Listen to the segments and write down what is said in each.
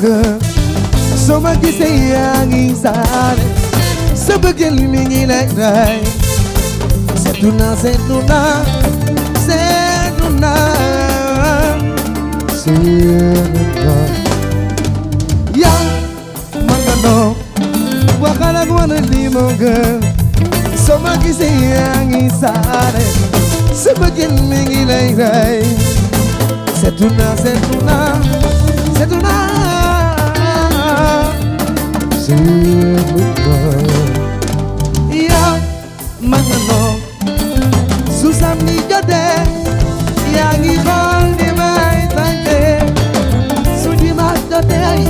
aşkım Soma yang insan Sebagian na lek-lek Seduna, seduna, seduna yang Ya, mangano Wakala gwana limonga Soma yang insan Sebagian limingi lek setuna setuna setuna sibuk yaa ma nga noog su samedi jotee yaa ngi xool ni may tànke su dimanche jotee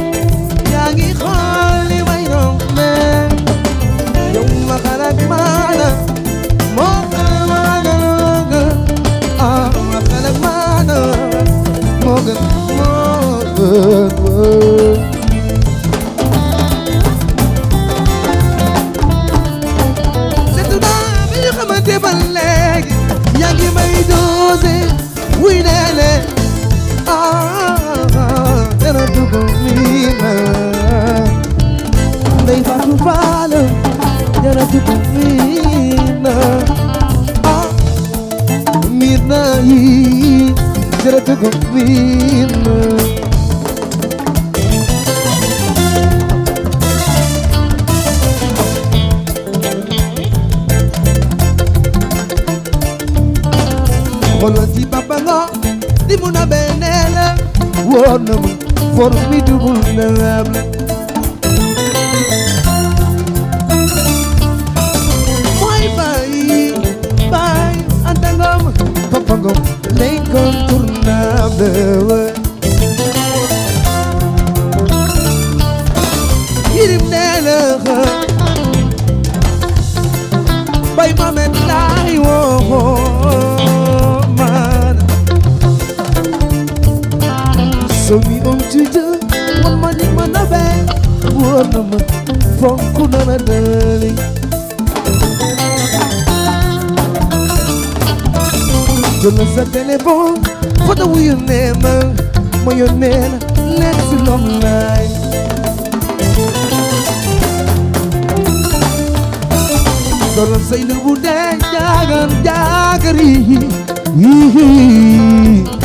yaa ngi xool ni may rombe yow ma xalaat maana moo gën maana moo gën ah ma xalaat maana moo gën moo gën حياتكم فينا papa babanga dimuna formidable fundamentally Goodness a telephone for the wheel name My name let's long life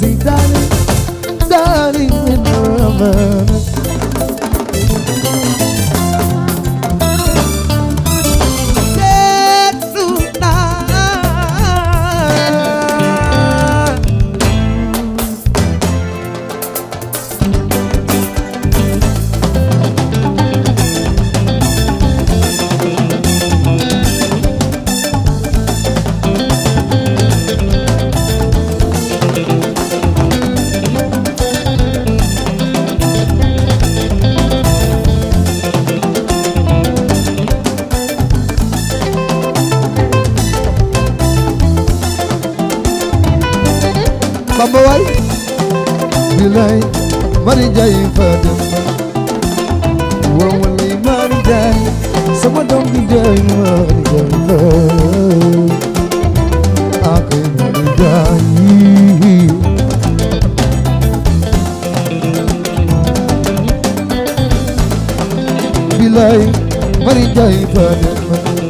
say, darling, darling, when we Bamba waay bilay mari jay Fatim woon lay mari jay, sama doom bi jaay mari jaay ak mari jay, bilay mari jay Fatim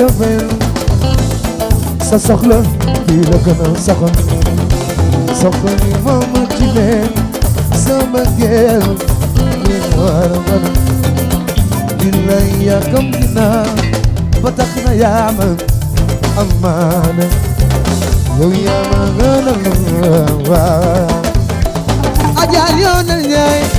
tëfeel sa soxla kii la gën a soxal soxla ni mooma ci meen sama geel ni war a mën billaay yàkkam dinaa ba amaana yow yaa ma gën a mën waaw ajaar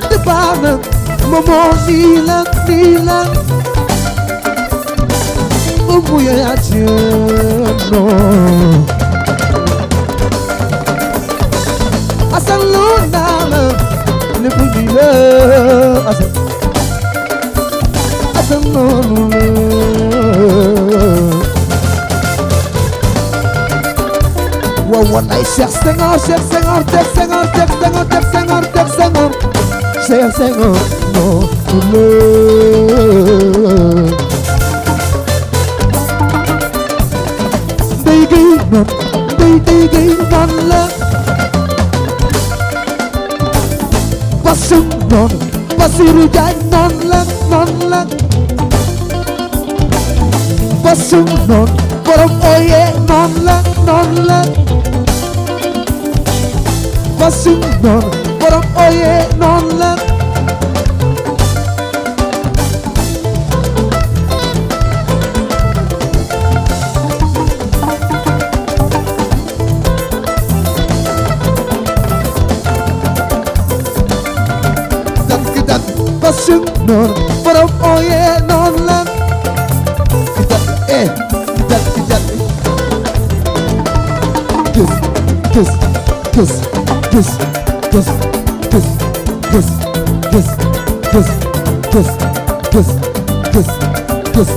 wat de banen, mama Milan, Milan. Bemoei je het je nog. Asan lonale, ne boudile, asan. Asan lonale. Wow, wow, nice, cher Seigneur, cher Seigneur, cher Seigneur, cher Seigneur, cher Seigneur. sẽ sẽ ngộ ngộ mơ đi đi một đi đi đi con lớn và sung non và siêu trái non lớn non lớn và sung non và đông ôi e non lớn non lớn và sung non borom ooyee noonu la sung noon borom ooye noon la kitat e kitat kitat kiss kiss kiss kiss kiss دس دس دس دس دس دس دس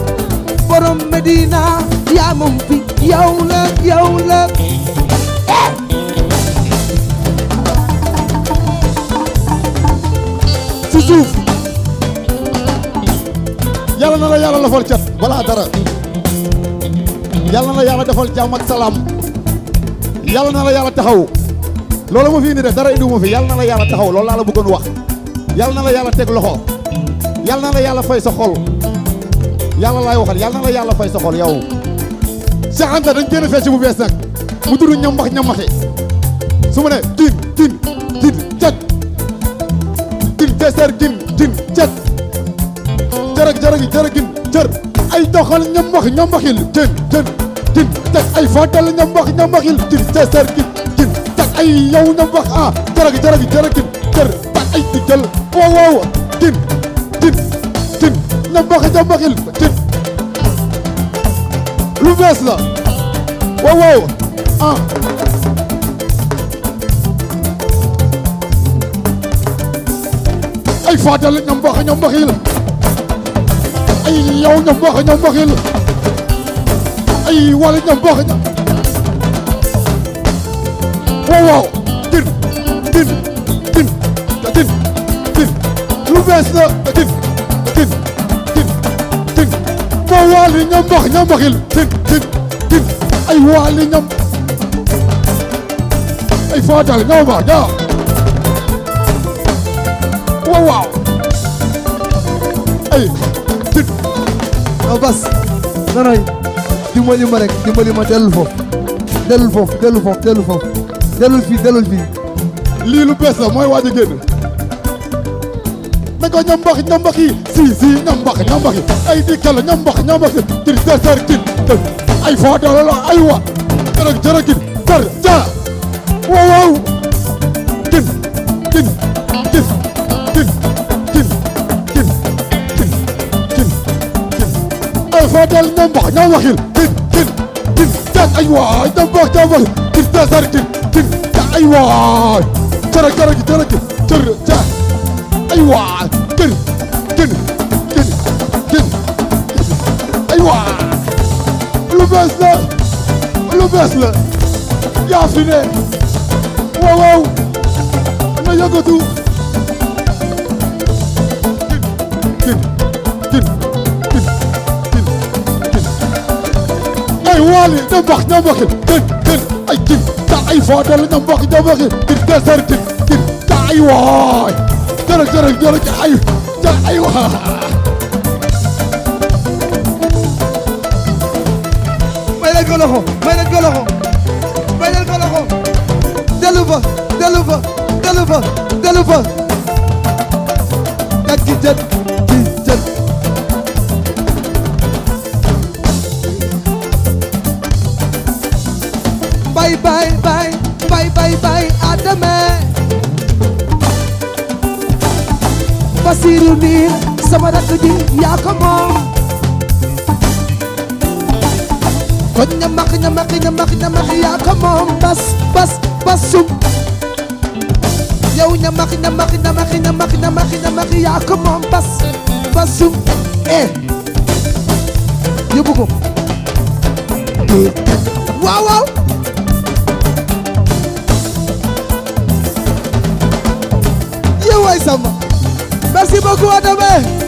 borom Medina yaa moom fi yow la yow la ci suuf yàlla na la yàlla lafal cat balaa dara yàlla na la yàlla defal jàmm ak salaam yàlla na la yàlla taxaw loolu ma fi indi def dara indi ma fi yàlla na la yàlla taxaw loolu laa la bëggoon wax yàlla na la yàlla teg loxo yàlla na la yàlla fay sa xol yàlla laay waxal yàlla na la yàlla fay sa xol yow Cheikh Anta dañ génn fecc bu bees nag mu tudd ñambax ñambaxi su ma ne gin gin gin cet gin geser gin gin cet jërëg jërëg jërëg gin jër ay doxal ñambax ñambaxil gin gin gin cet ay fàttal ñambax ñambaxil gin geser gin ay yow na a ah jaragi jaragi jarakin jar ba ay di jël waaw waaw tin tin tin na mbaxe tin lu bees la waaw waaw ah. ay fadal na mbaxe ña mbaxil ay yow na mbaxe ña wala ña واو واو تن تن تن تن تن لوفاس لا تن تن تن تن موالي نمخ نمخ تن تن تن اي والي نم اي فاتل نوما دا واو واو اي تن بس دراي dimbali ma rek dimbali ma dellu foofu dellu foofu dellu foofu dellu foofu delul fii delul fii lii lu la mooy waaj a génn na ko ñam mbax ñam mbax yi si yi ay di kala ñam mbax ñam mbax yi ser ser kin ay foo dala la ay wa jërëg jërëg kin ser jara waaw waaw kin kin kin kin kin kin kin kin kin ay foo dala ñam mbax kin kin kin jan ay wa ñam mbax ñam mbax kin aywaay jara garagi jaragi jara ja aywaay geni geni geni geni aywaay lu bees la lu bees la yaa fi ne waaw waaw na yëngatu ay waali nambax nambaxil kin kin ay kin ta ay faadal nambax nambaxil kin kasar kin kin ta ay waay jarag jarag jarag ay ta ay waay Baila el colojo, baila el colojo, baila el colojo. De lupa, de lupa, de lupa, de lupa. Aquí está. bay bay bay bay bay bay à demain Basiru Ndir sama rakk ji yaa ko moom kon ñamak ñamak ñamak bas bas bas sum yow ñamak ñamak ñamak ñamak ñamak bas bas sum eh yóbbu ko waaw Merci beaucoup, à